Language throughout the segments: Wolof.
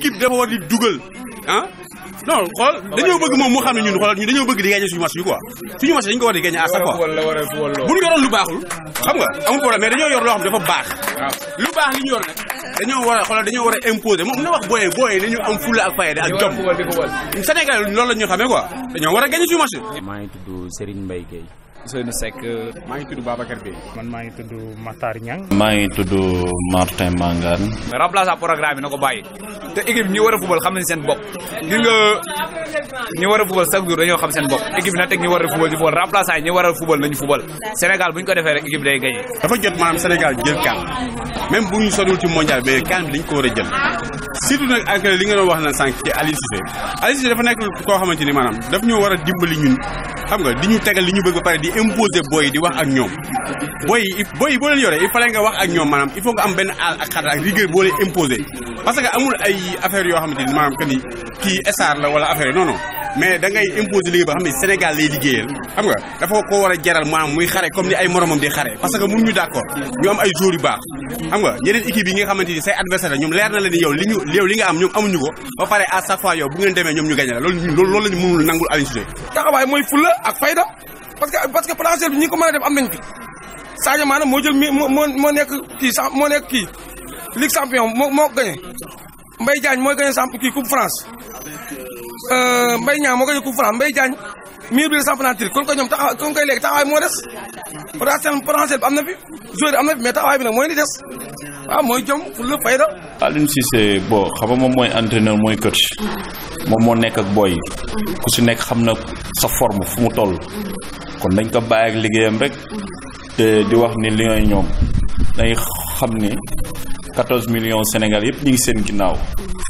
équipe dafa war di dugal ah non xool dañoo bëgg moom moo xam ne ñun xoolal dañoo bëgg di gagné suñu match yi quoi suñu match dañu ko war di gagné à bu ñu yoroon lu baaxul xam nga amul problème mais dañoo yor loo xam dafa baax lu baax li ñu yor nag dañoo war a dañoo war a imposer moom na wax booyee booyee nañu am fulla ak fayda ak jom Sénégal loolu la xamee quoi dañoo war a gagné suñu match maa ngi tudd Serigne Mbaye Gueye Ousseynou Seck. maa ngi tudd Babacar Bey. man maa ngi tudd Makhtar Niang. maa ngi tudd Martin Mangane. remplaçant programme bi na ko bàyyi te équipe ñi war a fubal xam nañ seen bopp gis nga a fubal chaque jour dañoo xam seen bopp équipe na teg ñi war a fubal di fubal remplaçant yi ñi war a fubal nañu fubal Sénégal bu ñu ko defee rek équipe day gagné. dafa jot maanaam Sénégal jël kan même bu ñu soriwul ci mondial mais kan bi dañ ko war a jël surtout nag ak li nga doon wax na sànq ci Aliou Cissé Aliou Cissé nekk koo xamante ni maanaam daf ñu war a dimbali ñun. xam nga di ñu tegal li ñu bëgg ba pare di imposer booy di wax ak ñoom booy yi booy yi boo leen yoree nga wax ak ñoom maanaam il faut nga am benn aal ak xarit ak rigueur boo leen imposer parce que amul ay affaires yoo xamante ni maanaam que ni kii star la wala affaire non non. mais dangay ngay imposer liggéey ba xam ne Sénégal lay liggéeyal xam nga dafa ko war a jaral maam muy xare comme ni ay moromam di xare parce que mënuñu d'accord ñu am ay joueurs baax xam nga ñeneen équipe yi nga xamante say adversaire ñoom leer na la yow li nga am ñoom amuñu ko ba pare à chaque yow bu ngeen demee ñoom ñu gagné la loolu loolu lañu mënul nangul Aliou Cissé taxawaay mooy fulla ak fayda parce que parce que potentiel bi ñi ko mën a def am nañ fi moo jël mi moo moo moo nekk kii Euh, mbay ñaa moo koy yëkku Franc mbay jaañ mur bi samp naa tir kon koy ñoom taxaw kon koy léegi taxawaay moo des potentiel potentiel bi am na fi joueur am na fi mais taxawaay bi nag mooy li des waaw mooy jom fu la fayda Aliou Cissé bon xam nga moom mooy entraîneur mooy coach moom moo nekk ak booy ku si nekk xam na sa forme fu mu toll kon dañ ko bàyyi ak liggéeyam rek te di wax ni li ngay ñoom dañ xam ni 14 millions Sénégal yëpp ñu ngi seen ginnaaw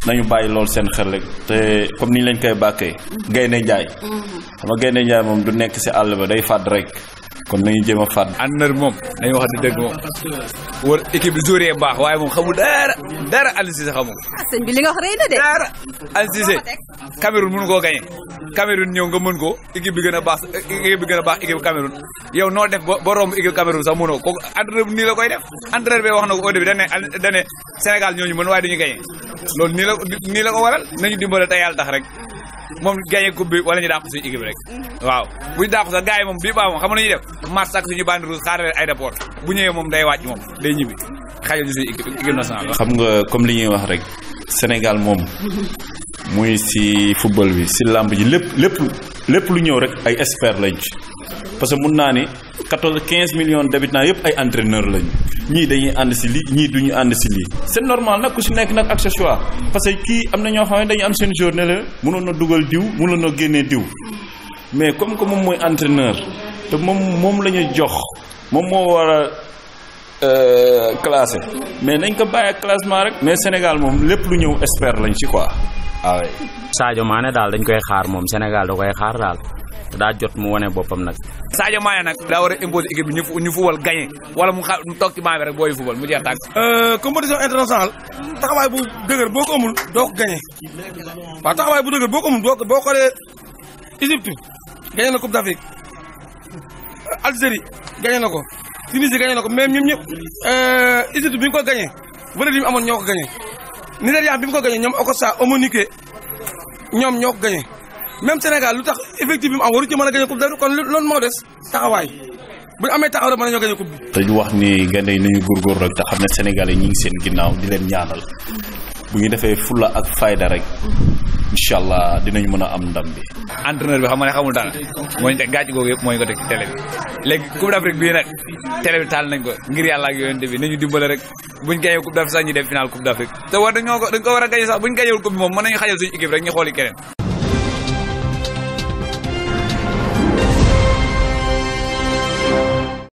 nañu bàyyi loolu seen xel te comme ni ñu leen koy bàkkee gaynde njaay mm-hmm. xam nga gaynde njaay moom du nekk ci àll ba day fàdd rek kon nañu jéem a fànn. entraîneur bi moom nañu wax di dëgg moom war équipe bi joué baax waaye moom xamul dara dara Aliou Cissé xamul. Ah, sëñ bi li nga wax rëy na de. dara Aliou Cissé Cameroun mënu koo gagné Cameroun ñëw nga mën ko équipe bi gën a baax équipe bi baax équipe Cameroun yow noo def ba ba romb équipe sax mënoo kooku entraîneur la koy def entraîneur bi wax na ko au début dañ ne dañ ne Sénégal ñooñu mën waaye duñu gagné loolu nii la nii la ko waral nañu dimbale te yàlla tax rek moom gagné coupe bi wala ñu dàq suñu équipe rek waaw bu ñu dàq sax gars moom bii baa moom xam nañu def mars ak suñu bande rouge xaarale aéroport bu ñëwee moom day wàcc moom day ñibbi xajal ñu suñu équipe équipe nationale xam nga comme li wax rek Sénégal moom muy si football bi si làmb ji lépp lépp lépp lu ñëw rek ay expert lañ ci parce que mun naa ni quatorze quinze millions d'habitants yëpp ay entraîneur lañ ñii dañuy ànd si lii ñii duñu ànd si lii c'est normal nag ku si nekk nag ak sa choix parce que kii am na ñoo xam ne dañu am seen journée la mënoon na dugal diw mënoon na génnee diw mais comme que moom mooy entraîneur te moom moom la ñu jox moom moo war a euh, classé mais nañ ko bàyyi classement rek mais Sénégal moom lépp lu ñëw expert lañ ci quoi waaw Sadio Mané daal dañ koy xaar moom Sénégal da koy xaar daal daa jot mu wane boppam nag. saajo Mané nag daa war a imposer équipe bi ñu ñu fubal gagné wala mu xa mu toog ci maa bi rek booy fubal mu jeex tàgg. Euh, compétition internationale taxawaay bu dëgër boo ko amul doo ko gagné waaw taxawaay bu dëgër boo ko amul doo ko boo xoolee Égypte na Coupe d'Afrique Algérie gagné na ko Tunisie gagné na ko même ñoom ñëpp euh, Égypte bi ñu ko gagné valeur yi mu amoon ñoo ko gagné. Nigéria bi mu ko gagné ñoom Okocha Amunike ñoom ñoo ko gagné même Sénégal lu tax effectif bi mu am waru ci mën a gagné coupe d'Afrique kon loolu moo des taxawaay bu ñu amee taxaw rek mën nañoo gagné coupe bi. te ñu wax ni gaynde yi nañu góorgóor rek te xam ne Sénégalais ñi ngi seen ginnaaw di leen ñaanal bu ñu defee fulla ak fayda rek incha allah dinañ mën a am ndam bi. entraîneur bi xam nga ne xamul dara mooy gàcce googu yëpp mooy ko teg ci télé bi léegi Coupe d'Afrique bii nag télé taal nañ ko ngir yàlla ak yonent bi nañu dimbale rek buñ gañee Coupe d'Afrique sax ñu dem final Coupe d'Afrique te war dañoo ko dañ ko war a gañe sax buñ gañewul coupe bi moom mën rek ñu xooli keneen